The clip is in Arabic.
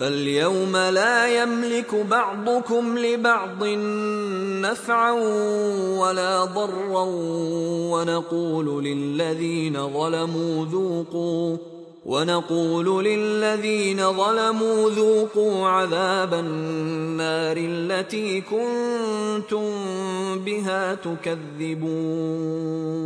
فاليوم لا يملك بعضكم لبعض نفعا ولا ضرا ونقول للذين ظلموا ذوقوا ونقول للذين ظلموا ذوقوا عذاب النار التي كنتم بها تكذبون